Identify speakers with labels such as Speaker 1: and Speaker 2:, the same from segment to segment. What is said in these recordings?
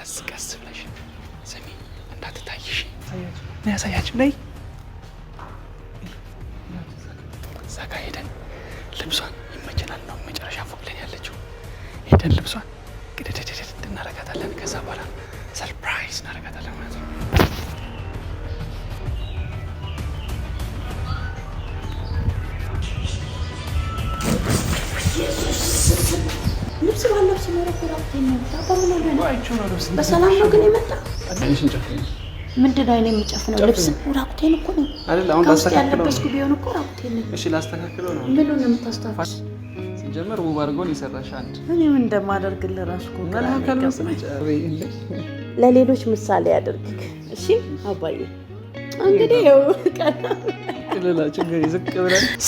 Speaker 1: ቀስ ቀስ ብለሽ ስሚ፣ እንዳትታይሽ ነው ያሳያችሁ። ላይ ዛጋ ሄደን ልብሷን ይመቸናል ነው መጨረሻ ፎቅ ላይ ያለችው። ሄደን ልብሷን ቅድድድድ እናረጋታለን። ከዛ በኋላ ሰርፕራይዝ እናረጋታለን ማለት ነው። ልብስ ባለብስ
Speaker 2: በሰላም ነው ግን የመጣ ምንድን ነው አይኔ የሚጨፍነው? ልብስ ራቁቴን እኮ ነው ያለበስኩ ቢሆን እኮ ራቁቴን ነው።
Speaker 1: እሺ ላስተካክለው ነው።
Speaker 2: ምን ነው የምታስተፋሽ?
Speaker 1: ሲጀመር ውብ አድርጎን የሰራሽ አንድ
Speaker 2: እኔ ምን እንደማደርግልህ ራሱ ለሌሎች ምሳሌ ያደርግክ። እሺ አባዬ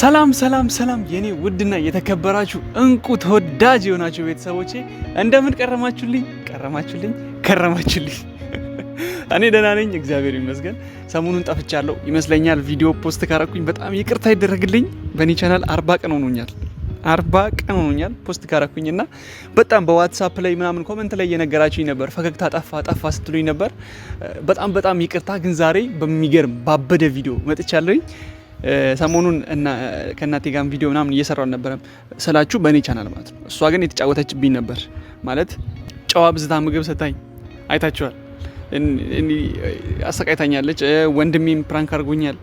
Speaker 1: ሰላም ሰላም ሰላም የኔ ውድና የተከበራችሁ እንቁ ተወዳጅ የሆናችሁ ቤተሰቦቼ እንደምን ቀረማችሁልኝ? ቀረማችሁልኝ? ከረማችሁልኝ? እኔ ደህና ነኝ፣ እግዚአብሔር ይመስገን። ሰሞኑን ጠፍቻለሁ ይመስለኛል። ቪዲዮ ፖስት ካረኩኝ በጣም ይቅርታ ይደረግልኝ። በእኔ ቻናል አርባ ቀን ሆኖኛል። አርባ ቀን ሆኖኛል ፖስት ካረኩኝና በጣም በዋትሳፕ ላይ ምናምን ኮመንት ላይ እየነገራችሁኝ ነበር፣ ፈገግታ ጠፋ ጠፋ ስትሉኝ ነበር። በጣም በጣም ይቅርታ ግን ዛሬ በሚገርም ባበደ ቪዲዮ መጥቻለሁኝ። ሰሞኑን ከእናቴ ጋር ቪዲዮ ምናምን እየሰራ አልነበረም ስላችሁ በእኔ ቻናል ማለት ነው። እሷ ግን የተጫወተችብኝ ነበር ማለት ጨዋ ብዝታ ምግብ ስታኝ አይታችኋል። አሰቃይታኛለች። ወንድሜም ፕራንክ አርጎኛል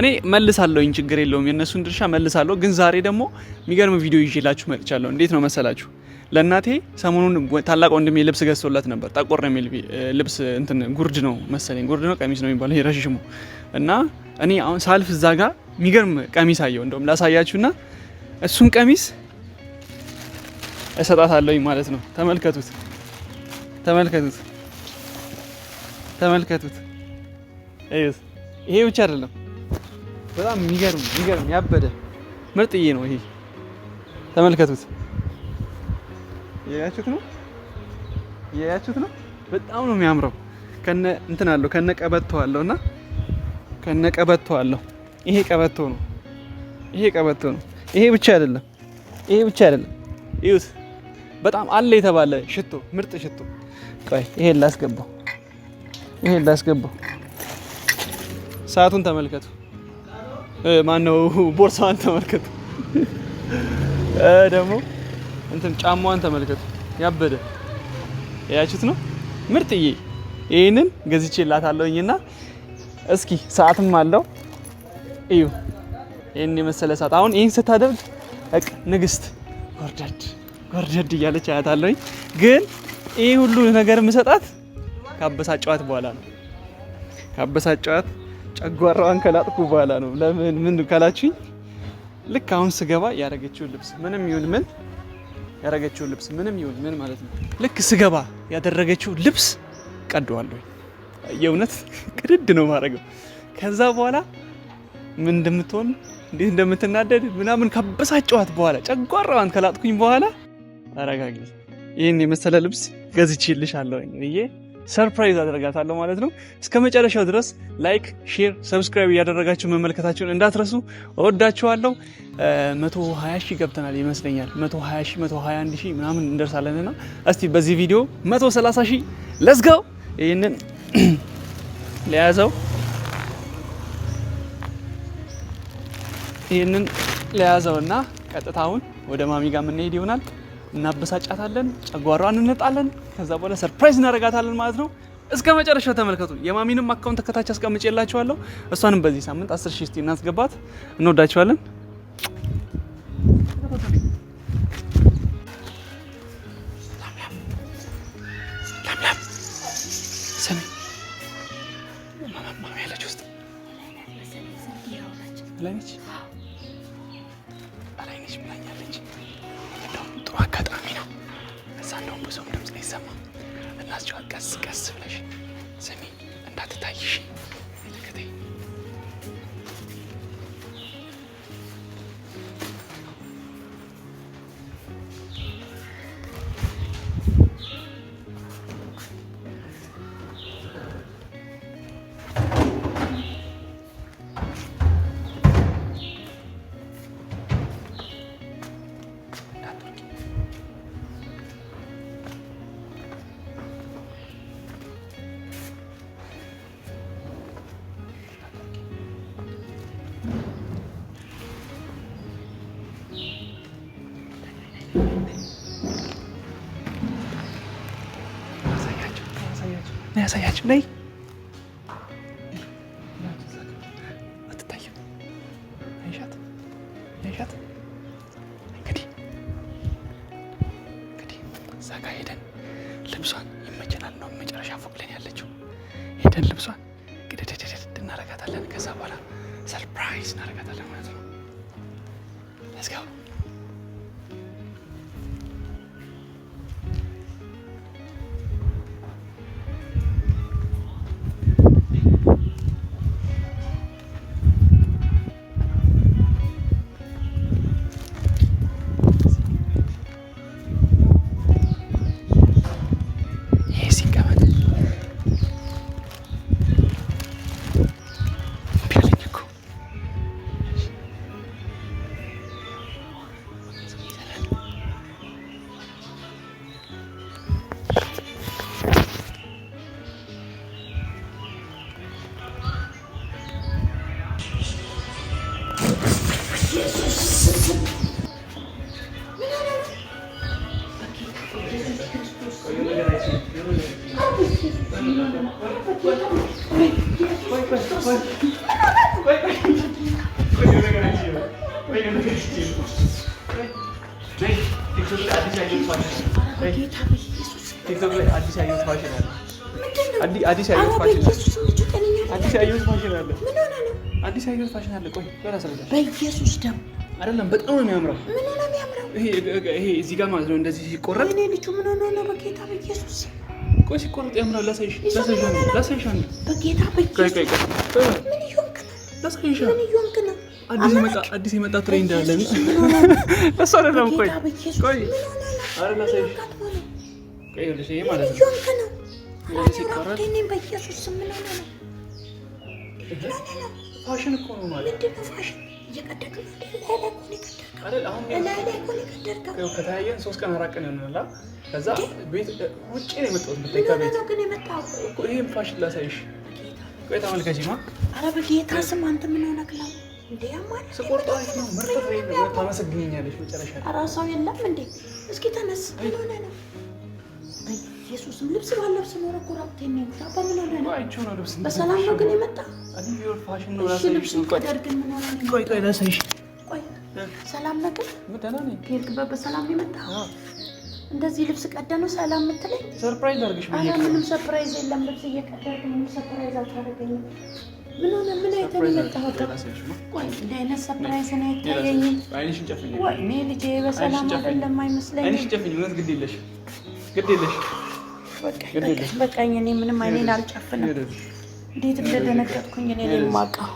Speaker 1: እኔ መልሳለሁኝ፣ ችግር የለውም የእነሱን ድርሻ መልሳለሁ። ግን ዛሬ ደግሞ የሚገርም ቪዲዮ ይዤላችሁ መጥቻለሁ። እንዴት ነው መሰላችሁ? ለእናቴ ሰሞኑን ታላቅ ወንድሜ ልብስ ገዝቶላት ነበር። ጠቆር የሚል ልብስ እንትን ጉርድ ነው መሰለኝ፣ ጉርድ ነው ቀሚስ ነው የሚባለው ረሽሙ እና እኔ አሁን ሳልፍ እዛ ጋር የሚገርም ቀሚስ አየው። እንደውም ላሳያችሁና እሱን ቀሚስ እሰጣታለሁኝ ማለት ነው። ተመልከቱት፣ ተመልከቱት፣ ተመልከቱት። ይሄ ብቻ አይደለም በጣም የሚገርም የሚገርም ያበደ ምርጥዬ ነው ይሄ። ተመልከቱት። ያያችሁት ነው ያያችሁት ነው። በጣም ነው የሚያምረው። ከነ እንትን አለው ከነ ቀበቶ አለው እና ከነ ቀበቶ አለው። ይሄ ቀበቶ ነው። ይሄ ቀበቶ ነው። ይሄ ብቻ አይደለም። ይሄ ብቻ አይደለም። ይሁት በጣም አለ የተባለ ሽቶ፣ ምርጥ ሽቶ። ቆይ ይሄን ላስገባው፣ ይሄን ላስገባው። ሰዓቱን ተመልከቱ። ማነው ቦርሳዋን ተመልከቱ፣ ደግሞ እንትን ጫማዋን ተመልከቱ። ያበደ ያችሁት ነው ምርጥዬ። ይህንን ላታለውኝና እስኪ ሰዓትም አለው እዩ። ይህን የመሰለ ሰዓት አሁን ይህን ስታደርግ እቅ ንግስት ጎርደድ ጎርደድ እያለች አያታለሁኝ። ግን ይህ ሁሉ ነገር የምሰጣት ካበሳጨዋት በኋላ ነው ካበሳጨዋት ጨጓራዋን ከላጥኩ በኋላ ነው። ለምን ምን ካላችሁኝ ልክ አሁን ስገባ ያረገችውን ልብስ ምንም ይሁን ምን ያረገችውን ልብስ ምንም ይሁን ምን ማለት ነው ልክ ስገባ ያደረገችው ልብስ ቀደዋለሁ። የእውነት ቅድድ ነው ማድረገው። ከዛ በኋላ ምን እንደምትሆን እንዴት እንደምትናደድ ምናምን ካበሳጨዋት በኋላ ጨጓራዋን ከላጥኩኝ በኋላ አረጋግኝ ይህን የመሰለ ልብስ ገዝቼልሻለሁ ብዬ ሰርፕራይዝ አደረጋታለሁ ማለት ነው። እስከ መጨረሻው ድረስ ላይክ፣ ሼር፣ ሰብስክራይብ እያደረጋችሁ መመልከታችሁን እንዳትረሱ። እወዳችኋለሁ። 120 ሺህ ገብተናል ይመስለኛል። 120 ሺህ 121 ሺህ ምናምን እንደርሳለንና እስቲ በዚህ ቪዲዮ 130 ሺህ ለስገው ይህንን ለያዘው ይህንን ለያዘውና ቀጥታውን ወደ ማሚጋ የምንሄድ ይሆናል። እናበሳጫታለን፣ ጨጓሯን እንነጣለን። ከዛ በኋላ ሰርፕራይዝ እናደርጋታለን ማለት ነው። እስከ መጨረሻው ተመልከቱ። የማሚንም አካውንት ከታች አስቀምጬላችኋለሁ። እሷንም በዚህ ሳምንት 10 ሺህ እስቲ እናስገባት። እንወዳችኋለን። ሰሚ shit. ያሳያችሁ። ነይ አትታይም። አይሻት አይሻት። እንግዲህ እንግዲህ እዛ ጋ ሄደን ልብሷን ይመቸናል ነው መጨረሻ ፎቅ ላይ ያለችው። ሄደን ልብሷን ቅደደደደድ እናረጋታለን። ከዛ በኋላ ሰርፕራይዝ እናረጋታለን ማለት ነው። አዲስ ያየሁት ፋሽን አዲስ ያየሁት ፋሽን አለ። አዲስ ያየሁት ፋሽን አለ። ቆይ ላስረዳሽ።
Speaker 2: በኢየሱስ ደም
Speaker 1: አይደለም፣ በጣም ነው የሚያምረው።
Speaker 2: ምን ነው የሚያምረው?
Speaker 1: ይሄ እዚህ ጋር ማለት ነው እንደዚህ ሲቆረጥ።
Speaker 2: እኔ ልጁ ምን ሆነ ነው? በጌታ በኢየሱስ
Speaker 1: ቆይ፣ ሲቆረጥ ያምራል። ላሳይሽ፣ ላሳይሽ አንዱ
Speaker 2: በጌታ በኢየሱስ ምን ይሆንክ
Speaker 1: ነው?
Speaker 2: ምን ይሆንክ ነው?
Speaker 1: አዲስ የመጣ ትሬንድ አለ። እሱ አይደለም። ቆይ ቆይ፣ አረ ላሳይሽ፣ ቆይ ይሄ ማለት
Speaker 2: ነው በኢየሱስ ምን ሆነ
Speaker 1: ነው? ፋሽን እኮ ነው ማለት
Speaker 2: ምንድን ነው? ፋሽን እየቀደድኩ
Speaker 1: ከተያየን ሶስት ቀን አራት ቀን ይሆናል። ከዛ ቤት ውጭ ነው የመጣሁት። ይህም ፋሽን ላሳይሽ። ቆይ ተመልከች።
Speaker 2: ኧረ በጌታ ስም አንተ ምን ሆነህ ነው?
Speaker 1: ታመሰግኛለሽ መጨረሻ።
Speaker 2: ኧረ ሰው የለም እንዴ? እስኪ ተነስ። ምን ሆነህ ነው? ኢየሱስም ልብስ ባለብስ ኖሮ እኮ ራቁቴን ነው የመጣ። በምን ሆነ
Speaker 1: ነው?
Speaker 2: በሰላም ነው ግን የመጣ።
Speaker 1: እሺ ልብሱን ቀደርግን ምን ሆነ? ቆይ ቆይ ላሳይሽ።
Speaker 2: ቆይ ሰላም ነው ግን ከሄድክበት በሰላም ነው የመጣ። እንደዚህ ልብስ ቀደ ነው ሰላም የምትለኝ?
Speaker 1: ሰርፕራይዝ አድርግሽ።
Speaker 2: ምንም ሰርፕራይዝ የለም። ልብስ እየቀደርክ ምንም ሰርፕራይዝ አታደርገኝም። ምን ሆነ? ምን አይተን ነው የመጣሁት? ቆይ እንደ አይነት ሰፕራይዝ ነው አይታየኝም። ወይኔ ልጄ በሰላም አይደለም አይመስለኝም።
Speaker 1: አይንሽን ጨፍኝ። ግድ የለሽ ግድ የለሽ
Speaker 2: በቃኝ። እኔ ምንም አይኔን አልጨፍንም። እንዴት እንደደነገጥኩኝ እኔ ነው የማውቀው።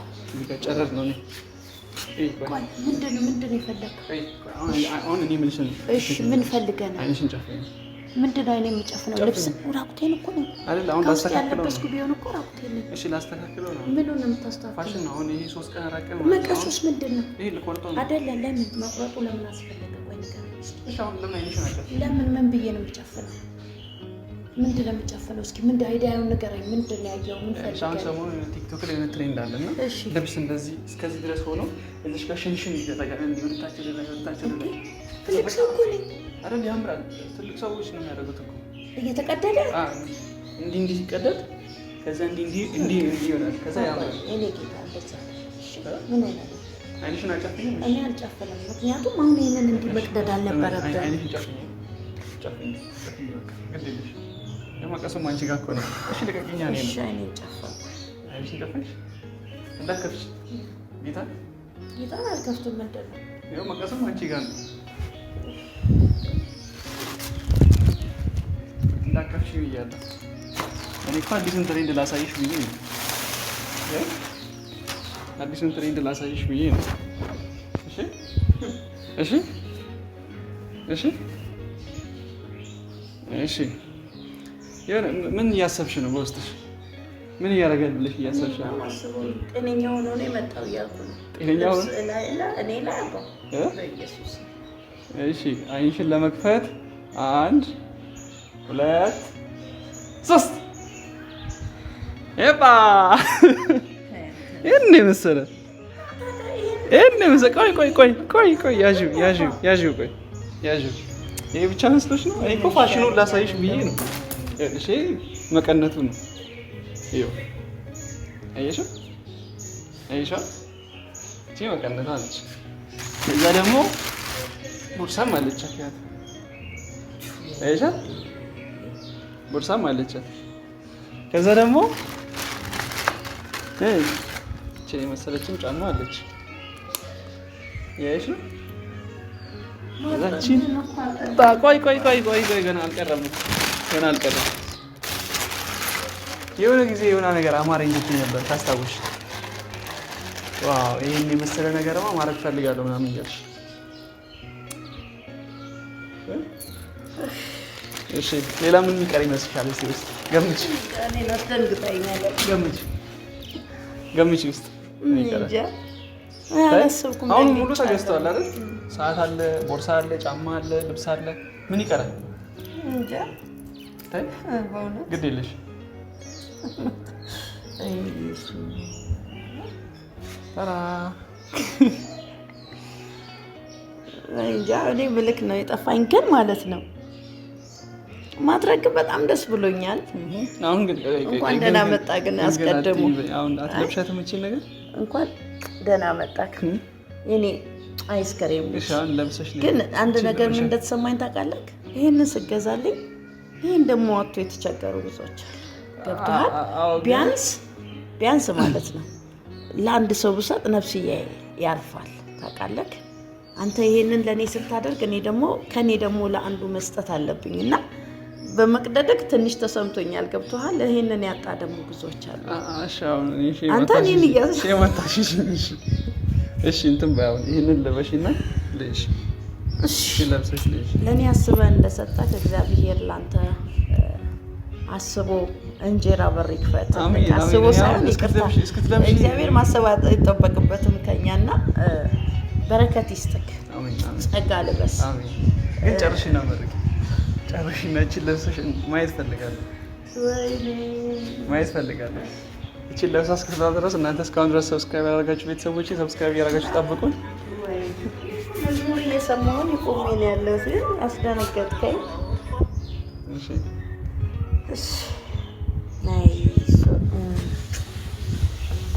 Speaker 2: ምንድን ነው ምንድን ነው የፈለግህ? ምን ፈልገህ ነው? ምንድን ነው የምጨፍነው? ልብስ ራቁቴን እኮ ያለበስኩ ቢሆን እኮ ራቁቴን
Speaker 1: ምንድን ነው
Speaker 2: አይደለ? ለምን መቁረጡ ለምን አስፈለገ? ለምን ምን ብዬ ነው የምጨፍነው? ምንድን ነው የምጨፍነው? እስኪ ምን አይዲያውን ንገረኝ። ምንድን ነው ያየኸው? ምን
Speaker 1: ፈልገህ? አሁን ሰሞኑን ቲክቶክ ላይ የሆነ ትሬንድ አለ እና ልብስ እንደዚህ እስከዚህ ድረስ ሆኖ እዚህ ጋር ሽንሽን ይደረጋል። ወደታች ላይ ወደታች ላይ
Speaker 2: ትልቅ ሰው እኮ ነኝ።
Speaker 1: አረ ያምራል። ትልቅ ሰዎች ነው የሚያደርጉት እኮ እየተቀደደ እንዲህ እንዲህ ሲቀደድ ከዛ እንዲህ እንዲህ እንዲህ እንዲህ ይሆናል። ከዛ ያምራል።
Speaker 2: እኔ ጌታ እንደዛ ምን አይነት
Speaker 1: አይንሽን አልጨፍንም።
Speaker 2: እኔ አልጨፍንም፣ ምክንያቱም አሁን ይህንን እንዲህ መቅደድ አልነበረብን።
Speaker 1: አይንሽን ጨፍኝ ጨፍኝ ግድ የለሽም መቀሱም አንቺ ጋር እኮ ነው። እሺ ልቀቂኝ። እንዳትከፍች ጌታ
Speaker 2: ጌታ አልከፍትም። ምንድን ነው
Speaker 1: ይኸው መቀሱም አንቺ ጋር ነው። እንዳትከፍች ብያለሁ። እኔ እኮ አዲሱን ትሬንድ ላሳይሽ ብዬ ነው። አዲሱን ትሬንድ ላሳይሽ ብዬ ነው። እሺ እሺ እሺ እሺ ምን እያሰብሽ ነው? በውስጥሽ ምን እያደረገልሽ እያሰብሽ ነው?
Speaker 2: ጤነኛ ሆኖ ነው የመጣው እያልኩ ነው። ጤነኛ ሆኖ እኔ
Speaker 1: ላይ እሺ፣ አይንሽን ለመክፈት አንድ ሁለት ሶስት ኤባ ይህን የመሰለ ይህን የመሰለ ቆይ ቆይ ቆይ ቆይ ቆይ ያዥው ያዥው ያዥው ቆይ ያዥው። ይሄ ብቻ መስሎሽ ነው? እኔ እኮ ፋሽኑን ላሳይሽ ብዬ ነው። መቀነቱ ነው። ይኸው አየሽው፣ አየሽው እቺ እዛ ደግሞ ቦርሳም አለቻት፣ ያት አየሻት፣ ቦርሳም አለቻት። ከዛ ደግሞ እህ እቺ የመሰለችም ጫማ አለች። ያይሽ ቆይ ቆይ ቆይ ቆይ ገና አልቀረም። ገና አልቀረም። የሆነ ጊዜ የሆነ ነገር አማረኝ ብትይ ነበር ታስታውሽ። ዋው ይሄን የመሰለ ነገርማ ማድረግ ፈልጋለሁ ምናምን እያልሽ እሺ፣ ሌላ ምን የሚቀር ይመስልሻል? እስኪ ውስጥ ገምች ገምች ገምች ውስጥ አሁን ሙሉ ተገዝተዋል አይደል? ሰዓት አለ፣ ቦርሳ አለ፣ ጫማ አለ፣ ልብስ አለ። ምን ይቀራል? ብታይ ግድ የለሽ
Speaker 2: እንጃ እኔ ብልክ ነው የጠፋኝ፣ ግን ማለት ነው ማድረግ በጣም ደስ ብሎኛል።
Speaker 1: እንኳን
Speaker 2: ደህና መጣ። ግን አስቀድሞ
Speaker 1: አትለብሻትም እቺን ነገር።
Speaker 2: እንኳን ደህና መጣ። እኔ አይስከሬም ግን አንድ ነገር ምን እንደተሰማኝ ታውቃለህ? ይህንን ስገዛልኝ ይህን ደግሞ አቶ የተቸገሩ ልጆች ገብተሃል። ቢያንስ ቢያንስ ማለት ነው ለአንድ ሰው ብሰጥ ነፍስዬ ያርፋል። ታውቃለህ አንተ ይሄንን ለእኔ ስታደርግ እኔ ደግሞ ከእኔ ደግሞ ለአንዱ መስጠት አለብኝ እና በመቅደደቅ ትንሽ ተሰምቶኛል። ገብቶሃል። ይሄንን ያጣ ደግሞ ብዙዎች አሉ።
Speaker 1: አንተ እኔን እያዘ እሺ እንትን ባይሆን ይህንን ልበሽና ልሽ
Speaker 2: ለእኔ አስበ እንደሰጠ እግዚአብሔር ላንተ አስቦ እንጀራ በር ይክፈት።
Speaker 1: አስቦ ሳይሆን ይቅርታ
Speaker 2: እግዚአብሔር ማሰብ አይጠበቅበትም ከኛ እና በረከት ይስጥክ፣ ጸጋ ልበስ።
Speaker 1: ግን ጨርሽና መርቅ ጨርሽና እችን ለብሰሽ ማየት ፈልጋለሁ ማየት ፈልጋለሁ። እችን ለብሳ እስክትላ ድረስ እናንተ እስካሁን ድረስ ሰብስክራይብ ያደረጋችሁ ቤተሰቦች ሰብስክራይብ ያደረጋችሁ ጠብቁን።
Speaker 2: እየሰማሁን ይቆሜን ያለው ሲል አስደነገጥከኝ።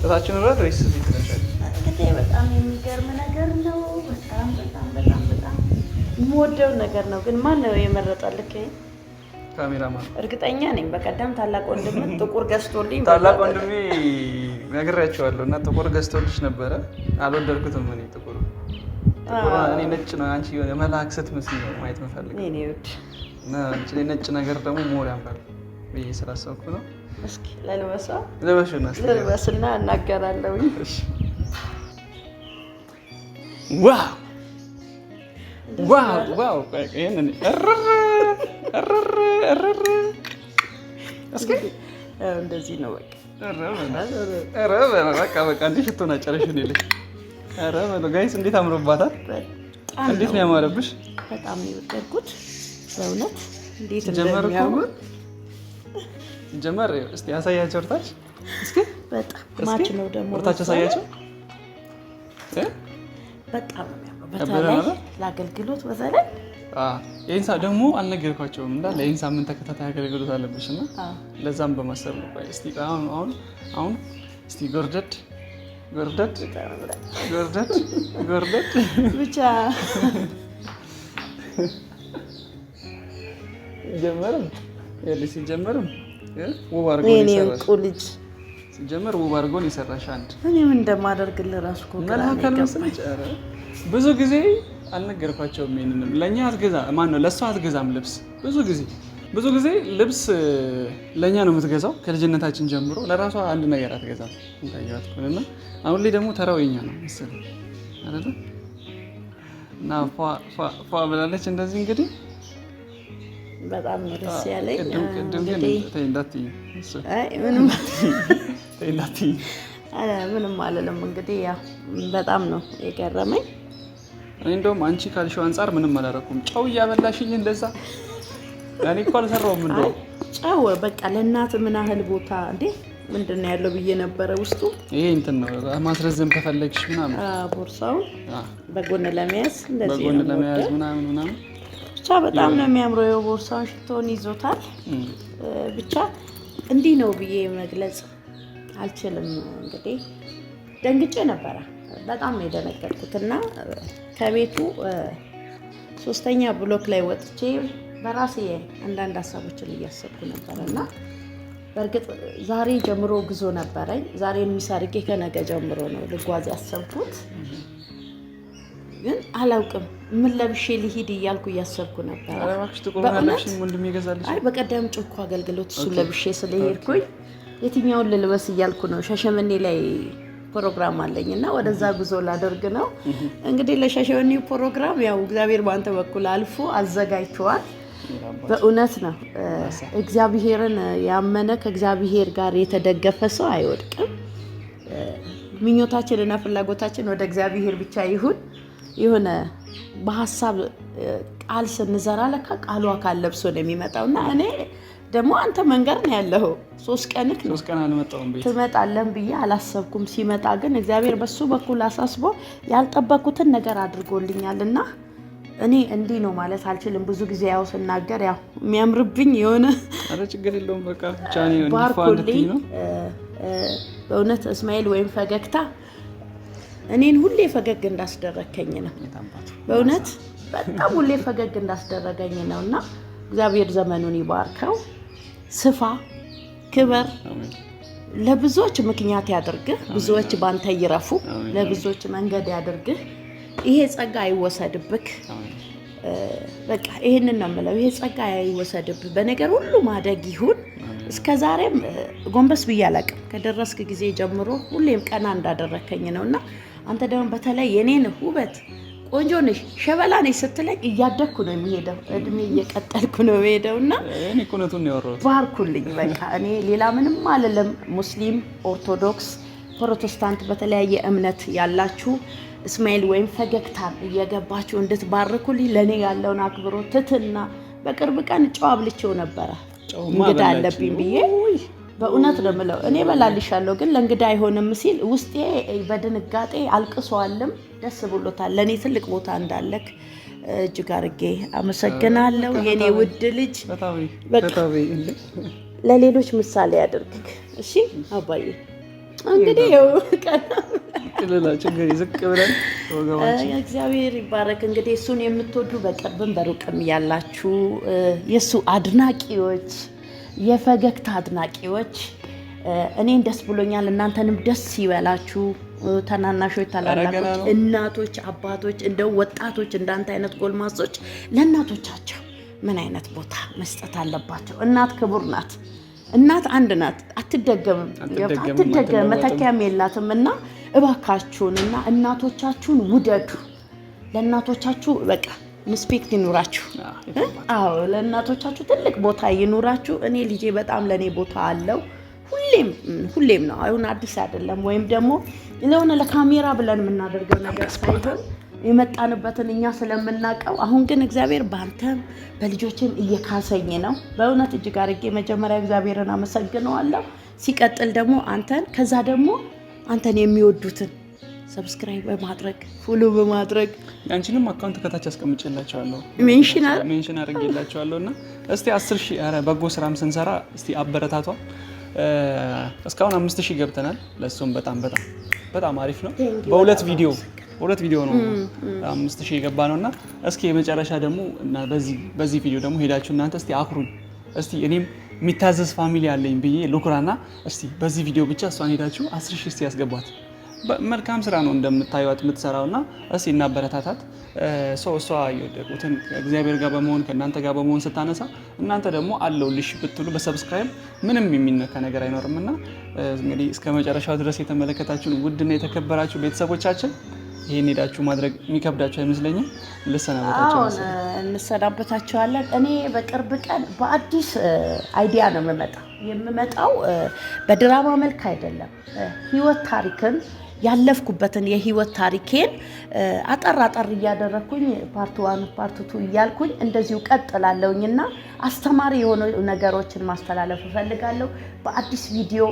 Speaker 1: እታችን ረት ወይስ እንግዲህ
Speaker 2: በጣም የሚገርም ነገር ነው። በጣም በጣም በጣም በጣም የምወደው ነገር ነው። ግን ማን ነው የመረጠልክ? ካሜራማን እርግጠኛ ነኝ። በቀደም ታላቅ ወንድም ጥቁር ገዝቶልኝ
Speaker 1: ታላቅ ወንድሜ ነግሬያቸዋለሁ እና ጥቁር ገዝቶልሽ ነበረ። አልወደድኩትም እኔ ጥቁር እኔ ነጭ ነው አንቺ የሆነ መልአክ ስትመስል ነው ማየት የምፈልገው። ነጭ ነገር ደግሞ ሞር ያምራል ብዬ ስላሰብኩ ነው።
Speaker 2: እስኪ ልልበስና እናገራለሁ። እንደዚህ ነው
Speaker 1: በቃ በቃ እንዲህ ሽቶና ጨረሽን የለኝ ኧረ በለው ጋይስ፣ እንዴት አምሮባታል! እንዴት ነው ያማረብሽ!
Speaker 2: በጣም ነው የወደድኩት በእውነት።
Speaker 1: እንዴት እንደሚያምር ጀመር። እስቲ ያሳያቸው እርታች፣ እስኪ በጣም ማች ነው ደግሞ እርታች፣ ያሳያቸው።
Speaker 2: በጣም በተለይ ለአገልግሎት በተለይ
Speaker 1: ኤንሳ ደግሞ አልነገርኳቸውም እንዳለ ኤንሳ ምን ተከታታይ አገልግሎት አለብሽ እና ለዛም በማሰብ ነው። እስቲ አሁን አሁን እስቲ ጎርደድ ጎርደድ ጎርደድ ጎርደድ ብቻ ሲጀመርም ያለ ሲጀመርም ውብ አድርጎ ልጅ ሲጀመር ውብ አድርጎን የሰራሽ አንድ
Speaker 2: እኔ ምን እንደማደርግልህ ራሱ
Speaker 1: ብዙ ጊዜ አልነገርኳቸውም። ይሄንንም ለእኛ አትገዛ ማን ነው ለእሷ አትገዛም ልብስ ብዙ ጊዜ ብዙ ጊዜ ልብስ ለእኛ ነው የምትገዛው ከልጅነታችን ጀምሮ። ለራሷ አንድ ነገር አትገዛም እንዳየኋት እና አሁን ላይ ደግሞ ተራው የኛ ነው መሰለኝ አይደለ? እና ፏ ብላለች እንደዚህ እንግዲህ
Speaker 2: በጣም ደስ ያለኝ። ምንም አልልም። እንግዲህ ያው በጣም ነው የገረመኝ።
Speaker 1: እኔ እንደውም አንቺ ካልሽው አንጻር ምንም አላደረኩም። ጨው እያበላሽኝ እንደዛ እኔ እኮ አልሰራሁም። እንደ
Speaker 2: ጨው በቃ ለእናት ምን ያህል ቦታ እንዴ ምንድን ነው ያለው ብዬ ነበረ። ውስጡ ይሄ እንትን
Speaker 1: ነው ማስረዘም ከፈለግሽ ምናምን
Speaker 2: ቦርሳው በጎን ለመያዝ
Speaker 1: እንደዚህ በጎን ለመያዝ ምናምን ምናምን
Speaker 2: ብቻ በጣም ነው የሚያምረው። የቦርሳውን ሽቶን ይዞታል። ብቻ እንዲህ ነው ብዬ መግለጽ አልችልም። እንግዲህ ደንግጬ ነበረ። በጣም ነው የደነገጥኩት እና ከቤቱ ሶስተኛ ብሎክ ላይ ወጥቼ በራሴ አንዳንድ ሀሳቦችን እያሰብኩ ነበር እና በእርግጥ ዛሬ ጀምሮ ጉዞ ነበረኝ። ዛሬ የሚሰርጌ ከነገ ጀምሮ ነው ልጓዝ ያሰብኩት፣ ግን አላውቅም ምን ለብሼ ልሂድ እያልኩ እያሰብኩ ነበር። በቀደም ጮኮ አገልግሎት እሱ ለብሼ ስለሄድኩኝ የትኛውን ልልበስ እያልኩ ነው። ሻሸመኔ ላይ ፕሮግራም አለኝ እና ወደዛ ጉዞ ላደርግ ነው። እንግዲህ ለሻሸመኔ ፕሮግራም ያው እግዚአብሔር በአንተ በኩል አልፎ አዘጋጅተዋል። በእውነት ነው። እግዚአብሔርን ያመነ ከእግዚአብሔር ጋር የተደገፈ ሰው አይወድቅም። ምኞታችንና ፍላጎታችን ወደ እግዚአብሔር ብቻ ይሁን። የሆነ በሀሳብ ቃል ስንዘራ ለካ ቃሉ አካል ለብሶ ነው የሚመጣው እና እኔ ደግሞ አንተ መንገድ ነው ያለው። ሶስት ቀንክ ነው ትመጣለን ብዬ አላሰብኩም። ሲመጣ ግን እግዚአብሔር በሱ በኩል አሳስቦ ያልጠበኩትን ነገር አድርጎልኛል እና እኔ እንዲህ ነው ማለት አልችልም። ብዙ ጊዜ ያው ስናገር ያው የሚያምርብኝ የሆነ ችግር የለውም በቃ ባርኮልኝ። በእውነት እስማኤል ወይም ፈገግታ እኔን ሁሌ ፈገግ እንዳስደረከኝ ነው። በእውነት በጣም ሁሌ ፈገግ እንዳስደረገኝ ነው እና እግዚአብሔር ዘመኑን ይባርከው፣ ስፋ፣ ክበር ለብዙዎች ምክንያት ያድርግህ። ብዙዎች ባንተ ይረፉ። ለብዙዎች መንገድ ያድርግህ። ይሄ ጸጋ አይወሰድብክ። በቃ ይሄንን ነው የምለው። ይሄ ጸጋ አይወሰድብ። በነገር ሁሉ ማደግ ይሁን። እስከ ዛሬም ጎንበስ ብዬ አላቅም። ከደረስክ ጊዜ ጀምሮ ሁሌም ቀና እንዳደረከኝ ነው እና አንተ ደግሞ በተለይ የኔን ውበት ቆንጆ ነሽ፣ ሸበላ ነሽ ስትለኝ እያደግኩ ነው የሚሄደው፣ እድሜ እየቀጠልኩ ነው የሚሄደው እና ባርኩልኝ። በቃ እኔ ሌላ ምንም አልልም። ሙስሊም፣ ኦርቶዶክስ፣ ፕሮቴስታንት በተለያየ እምነት ያላችሁ እስማኤል ወይም ፈገግታ እየገባችሁ እንድትባርኩልኝ ለእኔ ያለውን አክብሮት ትትና በቅርብ ቀን ጨው አብልቼው ነበረ እንግዳ አለብኝ ብዬ በእውነት ነው የምለው። እኔ በላልሻለሁ ግን ለእንግዳ አይሆንም ሲል ውስጤ በድንጋጤ አልቅሷልም። ደስ ብሎታል። ለእኔ ትልቅ ቦታ እንዳለክ እጅግ አድርጌ አመሰግናለሁ። የእኔ ውድ ልጅ ለሌሎች ምሳሌ ያደርግክ። እሺ አባዬ እንግዲህ ያው ቀላ ችግር ዝቅ ብለን እግዚአብሔር ይባረክ። እንግዲህ እሱን የምትወዱ በቅርብም በሩቅም ያላችሁ የእሱ አድናቂዎች፣ የፈገግታ አድናቂዎች እኔን ደስ ብሎኛል፣ እናንተንም ደስ ይበላችሁ። ታናናሾች፣ ታላላቆች፣ እናቶች፣ አባቶች፣ እንደው ወጣቶች እንዳንተ አይነት ጎልማሶች ለእናቶቻቸው ምን አይነት ቦታ መስጠት አለባቸው? እናት ክቡር ናት። እናት አንድ ናት፣ አትደገምም፣ አትደገምም፣ መተኪያም የላትም። እና እባካችሁን እና እናቶቻችሁን ውደዱ። ለእናቶቻችሁ በቃ ሪስፔክት ይኑራችሁ። አዎ ለእናቶቻችሁ ትልቅ ቦታ ይኑራችሁ። እኔ ልጄ በጣም ለእኔ ቦታ አለው። ሁሌም ሁሌም ነው። አሁን አዲስ አይደለም። ወይም ደግሞ ለሆነ ለካሜራ ብለን የምናደርገው ነገር ሳይሆን የመጣንበትን እኛ ስለምናውቀው፣ አሁን ግን እግዚአብሔር በአንተም በልጆችም እየካሰኝ ነው። በእውነት እጅግ አድርጌ መጀመሪያ እግዚአብሔርን አመሰግነዋለሁ። ሲቀጥል ደግሞ አንተን ከዛ ደግሞ አንተን የሚወዱትን ሰብስክራይብ በማድረግ ፎሎ በማድረግ ያንቺንም አካውንት ከታች አስቀምጬላቸዋለሁ ሜንሽን አድርጌላቸዋለሁ። እና እስቲ አስር ሺህ ኧረ በጎ ስራም ስንሰራ እስቲ አበረታቷ። እስካሁን አምስት ሺህ ገብተናል። ለእሱም በጣም በጣም በጣም አሪፍ ነው። በሁለት ቪዲዮ ሁለት ቪዲዮ ነው አምስት ሺህ የገባ ነው እና እስኪ የመጨረሻ ደግሞ በዚህ ቪዲዮ ደግሞ ሄዳችሁ እናንተ እስቲ አኩሩኝ እስቲ እኔም የሚታዘዝ ፋሚሊ አለኝ ብዬ ና እስቲ በዚህ ቪዲዮ ብቻ እሷን ሄዳችሁ አስር ሺህ እስቲ ያስገቧት። መልካም ስራ ነው እንደምታዩት የምትሰራው እና እስቲ እናበረታታት። ሰው እሷ የወደቁትን እግዚአብሔር ጋር በመሆን ከእናንተ ጋር በመሆን ስታነሳ እናንተ ደግሞ አለው ልሽ ብትሉ በሰብስክራይብ ምንም የሚነካ ነገር አይኖርም እና እንግዲህ እስከ መጨረሻው ድረስ የተመለከታችሁን ውድና የተከበራችሁ ቤተሰቦቻችን ይህን ሄዳችሁ ማድረግ የሚከብዳችሁ አይመስለኝም። ልሰናበታቸው እንሰናበታቸዋለን። እኔ በቅርብ ቀን በአዲስ አይዲያ ነው የምመጣ የምመጣው በድራማ መልክ አይደለም። ህይወት ታሪክን ያለፍኩበትን የህይወት ታሪኬን አጠር አጠር እያደረግኩኝ ፓርት ዋን ፓርት ቱ እያልኩኝ እንደዚሁ ቀጥላለሁኝ እና አስተማሪ የሆኑ ነገሮችን ማስተላለፍ እፈልጋለሁ በአዲስ ቪዲዮ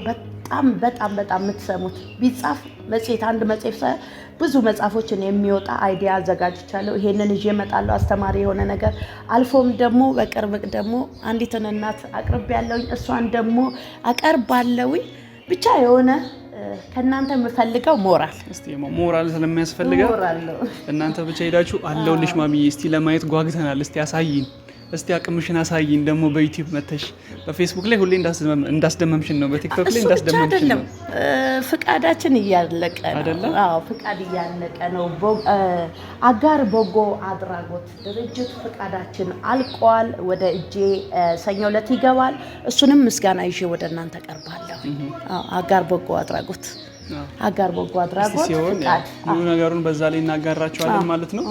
Speaker 2: በጣም በጣም በጣም የምትሰሙት ቢጻፍ መጽሔት አንድ መጽሔፍ ሳይሆን ብዙ መጽሐፎችን የሚወጣ አይዲያ አዘጋጅቻለሁ። ይሄንን ይዤ እመጣለሁ፣ አስተማሪ የሆነ ነገር አልፎም ደግሞ በቅርብ ደግሞ አንዲትን እናት አቅርብ ያለውኝ እሷን ደግሞ አቀርባለሁኝ። ብቻ የሆነ ከእናንተ የምፈልገው ሞራል ሞራል ስለሚያስፈልገው እናንተ ብቻ ሄዳችሁ አለሁልሽ ማሚ እስቲ ለማየት ጓግተናል፣ እስቲ አሳይን እስቲ አቅምሽን አሳይኝ ደግሞ በዩቲዩብ መተሽ በፌስቡክ ላይ ሁሌ እንዳስደመምሽን ነው፣ በቲክቶክ ላይ እንዳስደመምሽን ነው። ፍቃዳችን እያለቀ ነው። ፍቃድ እያለቀ ነው። አጋር በጎ አድራጎት ድርጅት ፍቃዳችን አልቋል። ወደ እጄ ሰኞ ዕለት ይገባል። እሱንም ምስጋና ይዤ ወደ እናንተ ቀርባለሁ። አጋር በጎ አድራጎት አጋር በጎ አድራጎት ሲሆን ሙሉ ነገሩን በዛ ላይ እናጋራቸዋለን ማለት ነው።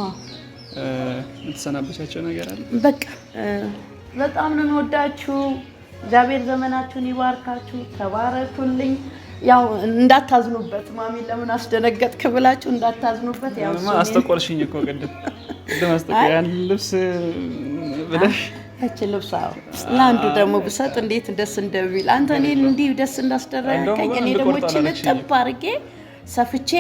Speaker 2: የምትሰናበቻቸው ነገር አለ? በቃ በጣም ነው የምወዳችሁ። እግዚአብሔር ዘመናችሁን ይባርካችሁ። ተባረኩልኝ። ያው እንዳታዝኑበት፣ ማሚ ለምን አስደነገጥክ ብላችሁ እንዳታዝኑበት። ያው እኮ ቅድም ያን ልብስ ብለሽ ያቺ ልብስ ለአንዱ ደግሞ ብሰጥ እንዴት ደስ እንደሚል አንተ እኔ እንዲህ ደስ እንዳስደረገኝ እኔ ደግሞ ችልጥብ አድርጌ ሰፍቼ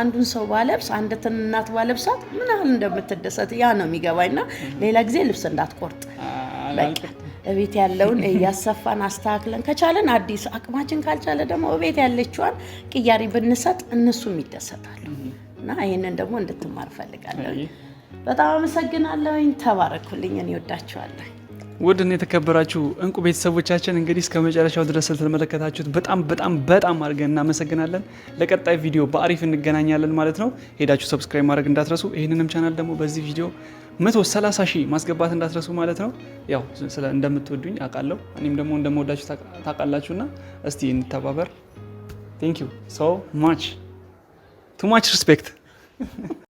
Speaker 2: አንዱን ሰው ባለብስ አንድትን እናት ባለብሳት ምን ያህል እንደምትደሰት ያ ነው የሚገባኝ። የሚገባኝና ሌላ ጊዜ ልብስ እንዳትቆርጥ እቤት ያለውን እያሰፋን አስተካክለን ከቻለን አዲስ አቅማችን ካልቻለ ደግሞ እቤት ያለችዋን ቅያሪ ብንሰጥ እነሱም ይደሰታሉ። እና ይህንን ደግሞ እንድትማር ፈልጋለሁ። በጣም አመሰግናለሁኝ። ተባረኩልኝ። እኔ ወዳችኋለሁ። ውድን የተከበራችሁ እንቁ ቤተሰቦቻችን እንግዲህ እስከ መጨረሻው ድረስ ስለተመለከታችሁት በጣም በጣም በጣም አድርገን እናመሰግናለን። ለቀጣይ ቪዲዮ በአሪፍ እንገናኛለን ማለት ነው። ሄዳችሁ ሰብስክራይብ ማድረግ እንዳትረሱ። ይህንንም ቻናል ደግሞ በዚህ ቪዲዮ 130 ሺህ ማስገባት እንዳትረሱ ማለት ነው። ያው እንደምትወዱኝ አውቃለሁ፣ እኔም ደግሞ እንደምወዳችሁ ታውቃላችሁና እስቲ እንተባበር። ቴንክ ዩ ሶ ማች ቱ ማች ሪስፔክት